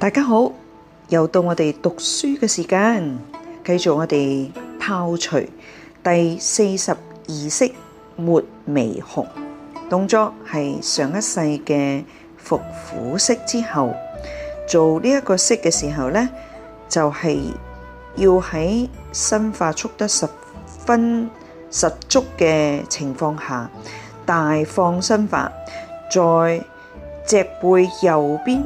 大家好，又到我哋讀書嘅時間，繼續我哋炮捶第四十二式抹眉紅，動作係上一世嘅伏虎式之後做呢一個式嘅時候咧，就係、是、要喺身法速得十分十足嘅情況下大放身法，在脊背右邊。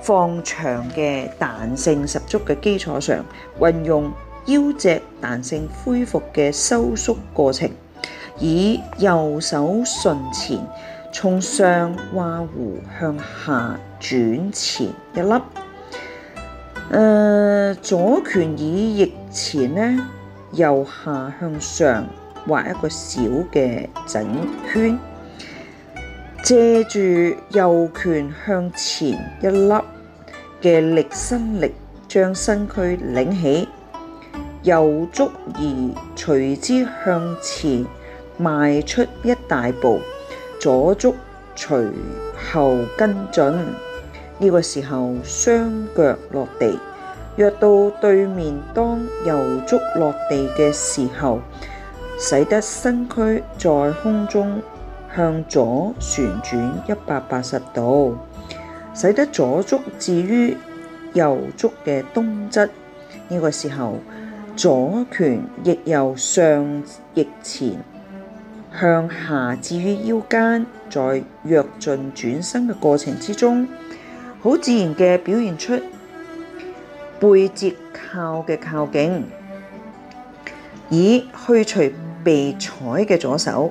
放長嘅彈性十足嘅基礎上，運用腰脊彈性恢復嘅收縮過程，以右手順前從上畫弧向下轉前一粒，誒、呃、左拳以逆前呢由下向上畫一個小嘅整圈。借住右拳向前一粒嘅力身力，將身軀擰起，右足而隨之向前邁出一大步，左足隨後跟進。呢個時候雙腳落地，約到對面。當右足落地嘅時候，使得身軀在空中，向左旋轉一百八十度，使得左足置於右足嘅東側。呢、這個時候，左拳亦由上逆前向下置於腰間。在躍進轉身嘅過程之中，好自然嘅表現出背折靠嘅靠頸，以去除被採嘅左手。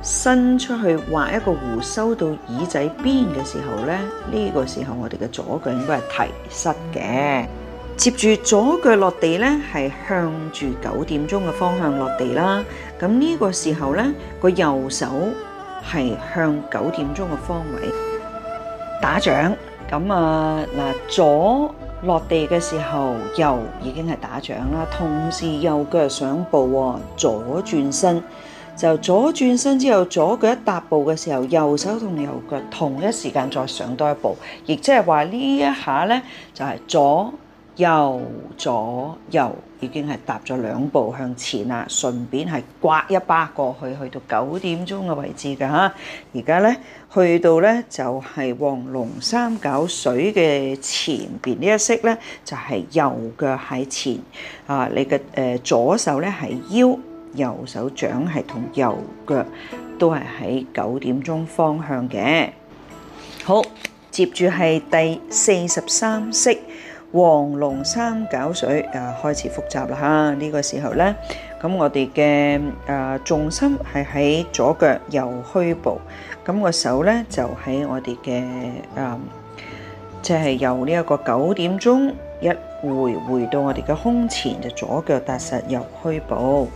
伸出去畫一個弧，收到耳仔邊嘅時候呢，呢、呢個時候我哋嘅左腳應該係提膝嘅，接住左腳落地呢，係向住九點鐘嘅方向落地啦。咁呢個時候呢，個右手係向九點鐘嘅方位打掌。咁啊嗱，左落地嘅時候，右已經係打掌啦，同時右腳上步，左轉身。就左轉身之後，左腳一踏步嘅時候，右手同右腳同一時間再上多一步，亦即係話呢一下呢，就係左右左右，已經係踏咗兩步向前啦，順便係刮一巴過去，去到九點鐘嘅位置㗎吓。而家呢，去到呢，就係黃龍三攪水嘅前邊呢一式呢，就係右腳喺前啊，你嘅誒左手呢係腰。右手掌係同右腳都係喺九點鐘方向嘅。好，接住係第四十三式黃龍三攪水。誒，開始複雜啦吓，呢個時候咧，咁我哋嘅，誒重心係喺左腳右虛步，咁個手咧就喺我哋嘅誒，即係由呢一個九點鐘一回回到我哋嘅胸前，就左腳踏實，右虛步。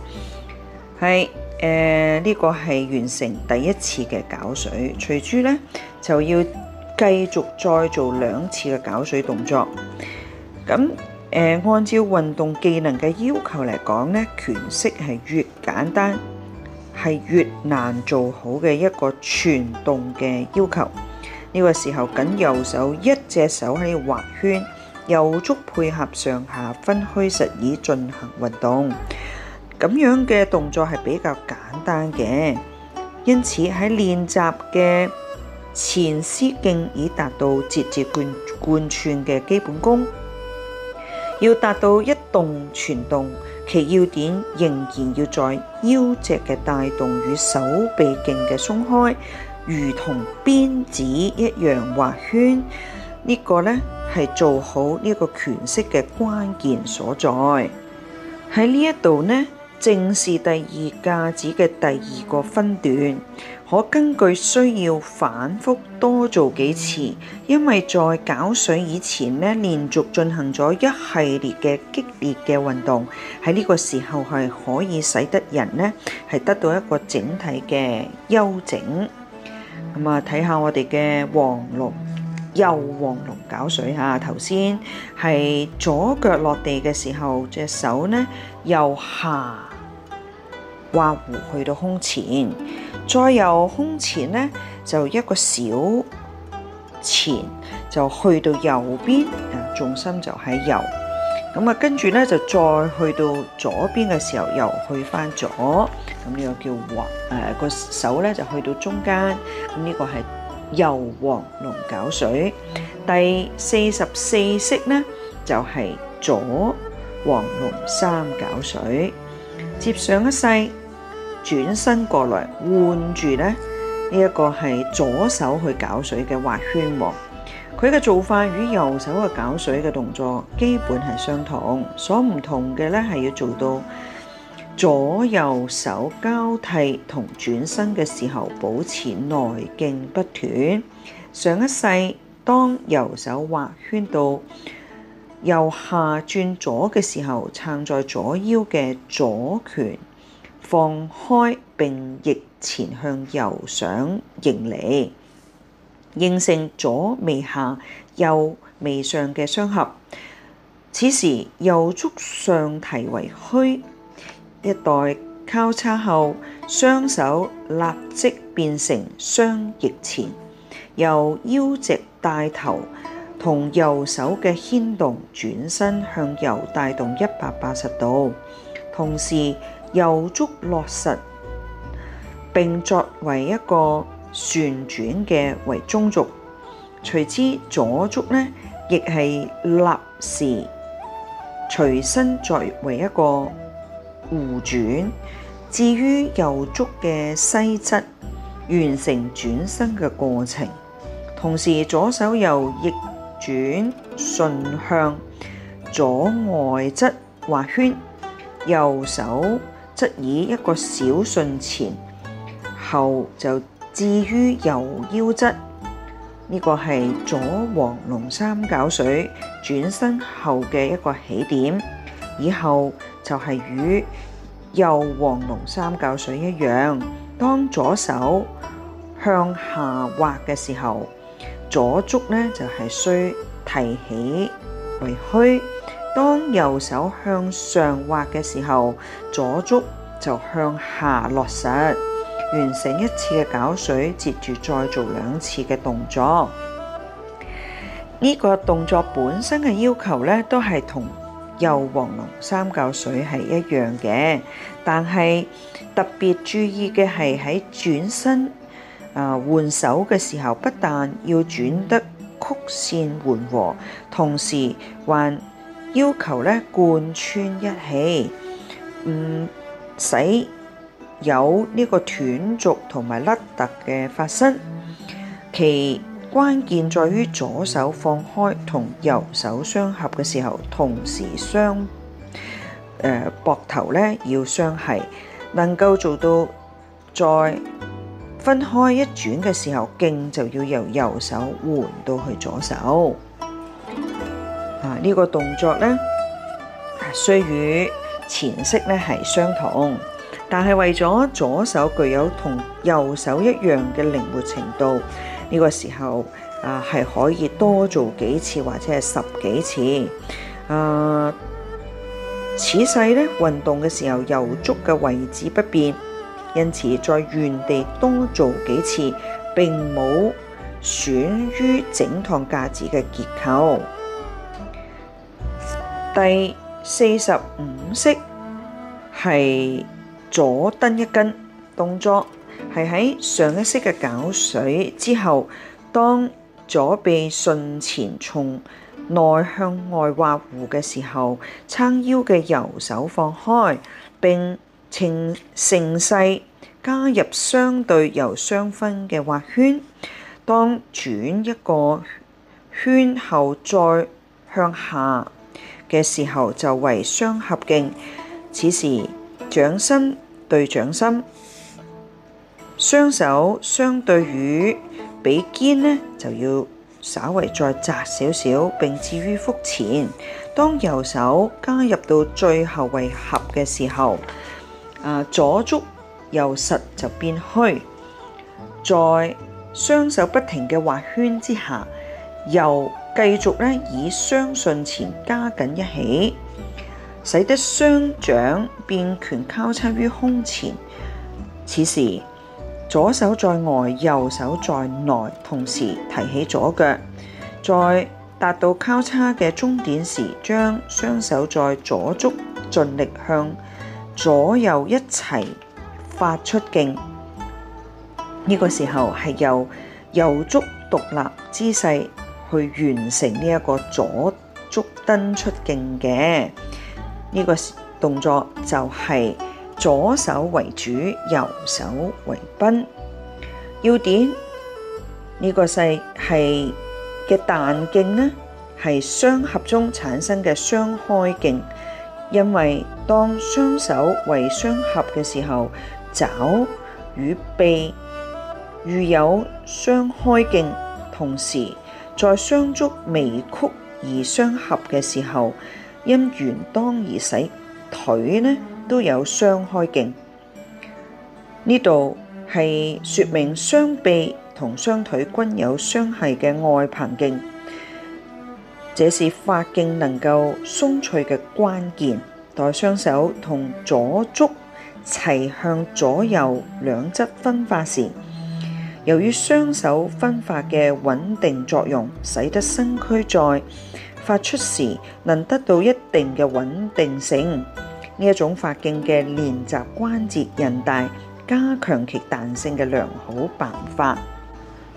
係，誒呢、呃這個係完成第一次嘅攪水，隨住呢就要繼續再做兩次嘅攪水動作。咁誒、呃，按照運動技能嘅要求嚟講咧，拳式係越簡單係越難做好嘅一個全動嘅要求。呢、這個時候，僅右手一隻手喺度畫圈，右足配合上下分虛實以進行運動。咁樣嘅動作係比較簡單嘅，因此喺練習嘅前肢勁已達到節節貫貫串嘅基本功，要達到一動全動，其要點仍然要在腰脊嘅帶動與手臂勁嘅鬆開，如同鞭子一樣畫圈。呢、呢個呢係做好呢個拳式嘅關鍵所在。喺呢一度呢。正是第二架子嘅第二個分段，可根據需要反覆多做幾次。因為在攪水以前呢，連續進行咗一系列嘅激烈嘅運動，喺呢個時候係可以使得人呢，係得到一個整體嘅休整。咁啊，睇下我哋嘅黃龍右黃龍攪水吓，頭先係左腳落地嘅時候，隻手呢，右下。畫弧去到胸前，再由胸前咧就一個小前就去到右邊，誒重心就喺右。咁啊，跟住咧就再去到左邊嘅時候又去翻左，咁呢個叫畫誒個手咧就去到中間。咁呢個係右黃龍攪水，第四十四式咧就係左黃龍三攪水，接上一勢。轉身過來，換住呢，呢、這、一個係左手去攪水嘅畫圈喎、哦。佢嘅做法與右手嘅攪水嘅動作基本係相同，所唔同嘅呢係要做到左右手交替同轉身嘅時候保持內勁不斷。上一世，當右手畫圈到右下轉左嘅時候，撐在左腰嘅左拳。放開並逆前向右上迎嚟，形成左眉下右眉上嘅雙合。此時右足上提為虛，一待交叉後，雙手立即變成雙逆前，由腰直帶頭同右手嘅牽動轉身向右帶動一百八十度，同時，右足落實，並作為一個旋轉嘅為中軸，隨之左足呢亦係立時隨身作為一個弧轉。置於右足嘅西側完成轉身嘅過程，同時左手由逆轉順向左外側畫圈，右手。則以一個小順前後就置於右腰側，呢、這個係左黃龍三攪水轉身後嘅一個起點，以後就係與右黃龍三攪水一樣，當左手向下滑嘅時候，左足呢就係、是、需提起為虛。當右手向上滑嘅時候，左足就向下落實，完成一次嘅攪水，接住再做兩次嘅動作。呢、這個動作本身嘅要求咧，都係同右黃龍三攪水係一樣嘅，但係特別注意嘅係喺轉身啊、呃、換手嘅時候，不但要轉得曲線緩和，同時還。要求咧貫穿一起，唔使有呢個斷續同埋甩突嘅發生。其關鍵在於左手放開同右手相合嘅時候，同時雙誒膊頭咧要相係，能夠做到再分開一轉嘅時候，勁就要由右手換到去左手。呢個動作咧，雖與前式咧係相同，但係為咗左手具有同右手一樣嘅靈活程度，呢、這個時候啊係、呃、可以多做幾次或者係十幾次。啊、呃，此勢咧運動嘅時候，右足嘅位置不變，因此在原地多做幾次並冇損於整趟架子嘅結構。第四十五式係左蹬一根動作，係喺上一式嘅攪水之後，當左臂順前從內向外畫弧嘅時候，撐腰嘅右手放開，並呈盛勢加入相對由雙分嘅畫圈。當轉一個圈後，再向下嘅時候就為雙合勁，此時掌心對掌心，雙手相對與，比肩呢就要稍微再窄少少，並至於腹前。當右手加入到最後為合嘅時候，啊左足右實就變虛，在雙手不停嘅畫圈之下，右。繼續咧以雙信前加緊一起，使得雙掌變拳交叉於胸前。此時左手在外，右手在內，同時提起左腳，在達到交叉嘅終點時，將雙手在左足盡力向左右一齊發出勁。呢、這個時候係由右足獨立姿勢。去完成呢一個左足蹬出勁嘅呢、這個動作，就係左手為主，右手為賓。要點呢、這個勢係嘅彈勁呢，係雙合中產生嘅雙開勁。因為當雙手為雙合嘅時候，肘與臂遇有雙開勁，同時。在雙足微曲而相合嘅時候，因圓當而使腿呢都有雙開勁。呢度係説明雙臂同雙腿均有相繫嘅外掤勁，這是發勁能夠鬆脆嘅關鍵。待雙手同左足齊向左右兩側分化時。由於雙手分發嘅穩定作用，使得身軀在發出時能得到一定嘅穩定性。呢一種發勁嘅練習，關節韌帶加強其彈性嘅良好辦法。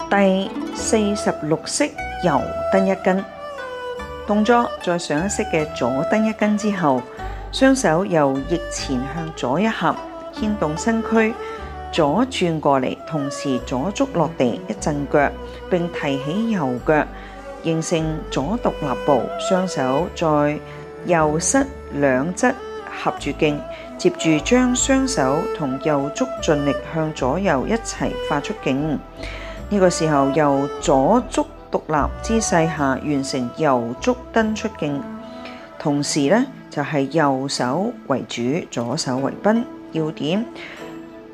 第四十六式右蹬一根，動作，在上一式嘅左蹬一根之後，雙手由腋前向左一合，牽動身軀。左轉過嚟，同時左足落地一震腳，並提起右腳，形成左獨立步。雙手在右膝兩側合住勁，接著將雙手同右足盡力向左右一齊發出勁。呢個時候由左足獨立姿勢下完成右足蹬出勁，同時呢就係右手為主，左手為賓，要點。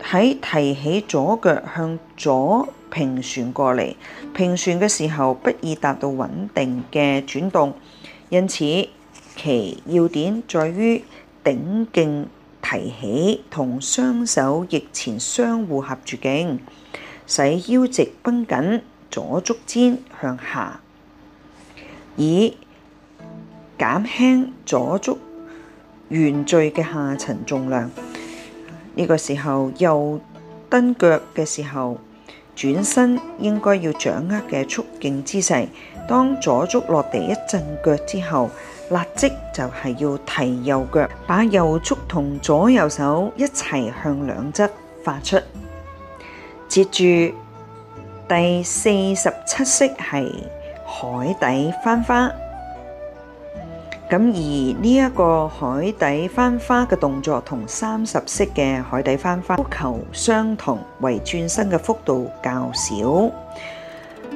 喺提起左腳向左平旋過嚟，平旋嘅時候不易達到穩定嘅轉動，因此其要點在於頂勁提起同雙手翼前相互合住勁，使腰直繃緊，左足尖向下，以減輕左足圓錐嘅下沉重量。呢個時候，右蹬腳嘅時候，轉身應該要掌握嘅速勁姿勢。當左足落地一震腳之後，立即就係要提右腳，把右足同左右手一齊向兩側發出。接住第四十七式係海底翻花。咁而呢一個海底翻花嘅動作同三十式嘅海底翻花要求相同，為轉身嘅幅度較少。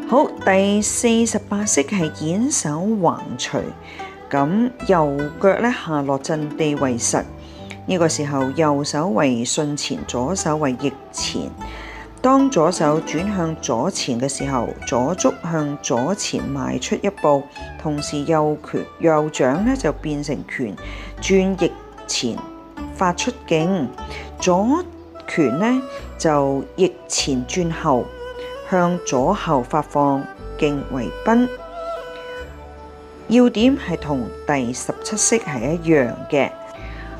好，第四十八式係掩手橫捶。咁右腳咧下落陣地為實，呢、這個時候右手為順前，左手為逆前。當左手轉向左前嘅時候，左足向左前邁出一步，同時右拳右掌咧就變成拳，轉逆前發出勁，左拳咧就逆前轉後向左後發放勁為賓。要點係同第十七式係一樣嘅。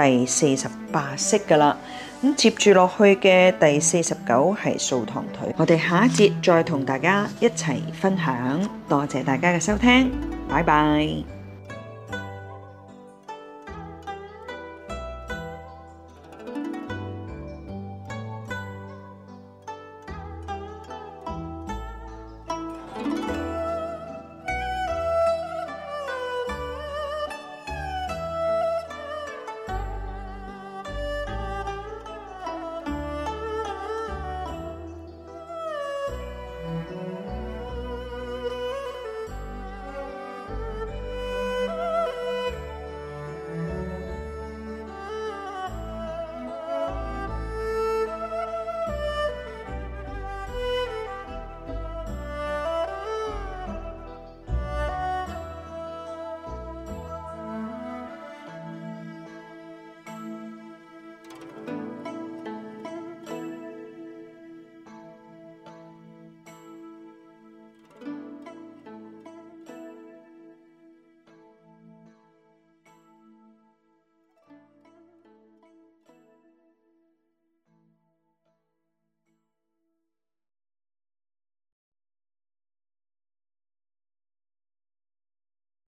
第四十八式㗎喇，咁接住落去嘅第四十九係掃堂腿，我哋下一節再同大家一齊分享，多謝大家嘅收聽，拜拜。